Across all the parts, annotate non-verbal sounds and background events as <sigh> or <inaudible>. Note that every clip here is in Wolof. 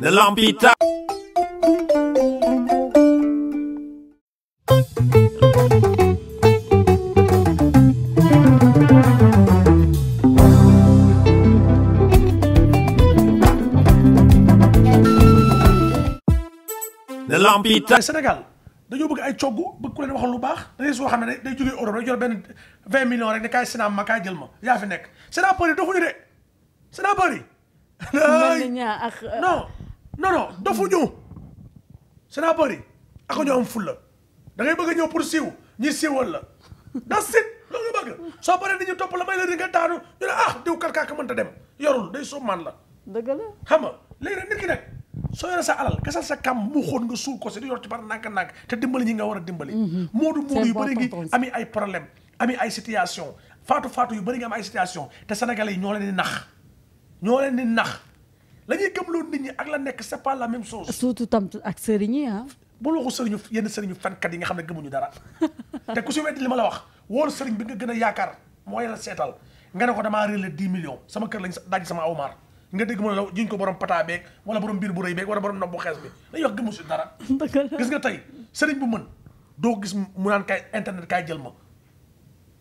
de Lampita. de Lampita. Sénégal de bëgg ay coggu bëgg ku leen waxal lu baax xam ne day Europe 20 millions rek ne kaay Sénat ma kaay jël ma yaa fi nekk non. non non dofuñu snapper yi ak ñu am fulla da ngay bëgg a ñëw pour siiw ñi siiwal la da sit loolu nga bëgg soo paree ñu topp la may la di nga daanu ñu ne ah diw kalkaaka mënta dem yorul day sommaan la dëgg la xam nga léegi nag nit ki nag soo sa alal gasal sa kam mu xoon nga suul ko yor par nànk-nànk te dimbali ñi nga war a dimbali mhm. moodu moodu yu bëri ngi ami ay problème ami ay situation faatu faatu yu bëri am ay situation te sénégalais yi ñoo leen di nax ñoo leen di nax la ñuy gëmloo nit ñi ak la nekk c'est pas la même chose. surtout tam ak sëriñ yi ah. bu la waxul sëriñu yenn sëriñu fenkat yi nga xam ne gëmuñu dara <laughs> te ku si weddi li ma la wax wóolu sëriñ bi nga gën a yaakaar mooy la seetal nga ne ko damaa réer le 10 millions sama kër lañ daaj sama awmaar nga dégg mu ne la jiñ ko borom pata beeg wala borom biir bu rëy beeg wala borom nopp bu xees bi dañuy wax gëmu si dara. <laughs> gis nga tey sëriñ bu mën doo gis mu naan k internet kay jël ma.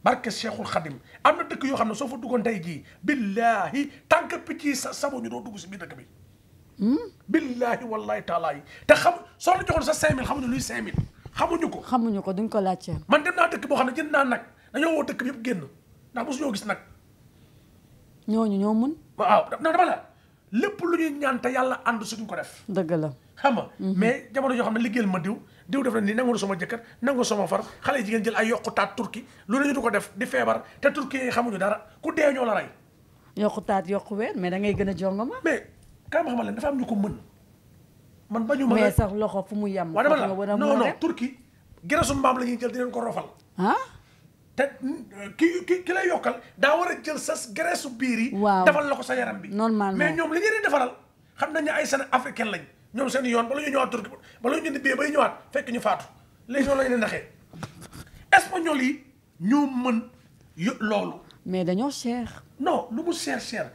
barke Cheikhul Khadim am na dëkk yoo xam ne soo fa billahi tey jii billaahi tant que picc yi sa saboo ñu doo dugg si biir dëkk bi. billaahi wallaahi taalaayi te xam soo la joxoon sa 5000 xamuñu luy 5000 xamuñu ko. xamuñu ko duñ ko laajteel. man dem naa dëkk boo xam ne jënd naa nag dañoo woo bi yëpp génn ndax mosu ñoo gis nag. ñooñu ñoo mën. waaw dama la. lépp lu ñuy ñaan te yàlla ànd suñu ko def. dëgg la xam nga. Mhm. mais jamono yoo xam ne liggéeyal ma diw diw def na nii nangu sama jëkkër nangu sama far xale jigéen jël ay yokkutaat turki lu ne ñu du ko def di feebar te turki yi xamuñu dara ku dee ñoo la rey. yokkutaat yokku weer mais da ngay gën a jongoma. mais ma xamal leen dafa am ñu ko mën. man bañu ma mais sax loxo fu mu yem. waaw dama la non non turki gerte su mbaam la ñuy jël di leen ko rofal. ah te mm, ki ki ki lay yokkal daa war a jël sas graisse biir yi. waaw defal la ko sa yaram bi. normalement mais ñoom li ñu leen defaral xam nañ ñu ay seen africain lañ ñoom seen yoon bala ñu ñëwaat turki bala ñu jënd bee bay ñëwaat fekk ñu faatu léegi noonu la ñu leen naxee espagnol yi ñoo mën loolu. mais dañoo cher. non lu mu cher cher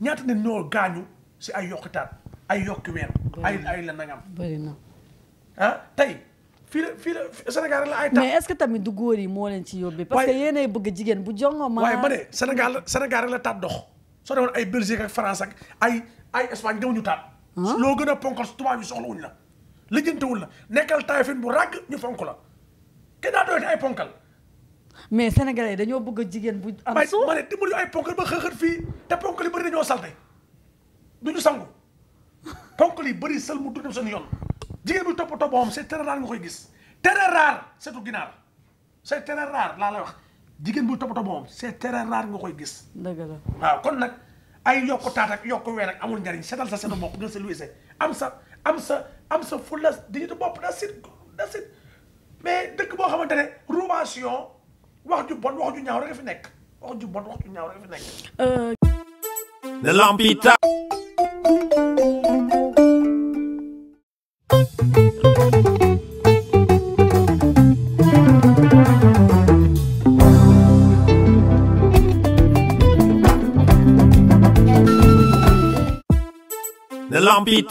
ñaata nit ñoo gaañu si ay yokkitaat ay yokki ay ay la nangam. bëri na ah tey. fii la fii la Sénégal la ay tax mais est-ce que tamit du góor yi moo leen ci yóbbee. parce que yéenay bëgg jigéen bu jongo ma waaye ma ne Sénégal Sénégal la taat dox soo demoon ay Belgique ak France ak ay ay Espagne ñëw ñu taat. Ah. loo gën a ponkal tubaab yi soxlawuñ la. lijjantewul la nekkal taayfin bu ràgg ñu fonk la kenn daa doyati ay ponkal. mais sénégalais dañoo bëgg a jigéen bu. am suuf waaye ma ne dimbali ay ponkal ba xëxër fii te ponkal yi bëri dañoo salte duñu sangu <laughs> ponkal yi bëri sël mu dundam seen yoon jigéen bi toppatoo boppam c'est très rare nga koy gis très rare setu ginaar c'est très rare laa lay wax jigéen bu toppatoo boppam c'est très rare nga koy gis. dëgg la waaw kon nag ay yokk taat yokk yokku ween ak amul njariñ setal sa setu bopp nga sa luy am sa am sa am sa fulla dignité bopp da sit da sit mais dëkk boo xamante ne rouvation wax ju bon wax ju ñaaw rek fi nekk wax ju bon wax ju ñaaw rek fi nekk. Euh, Nell'ambito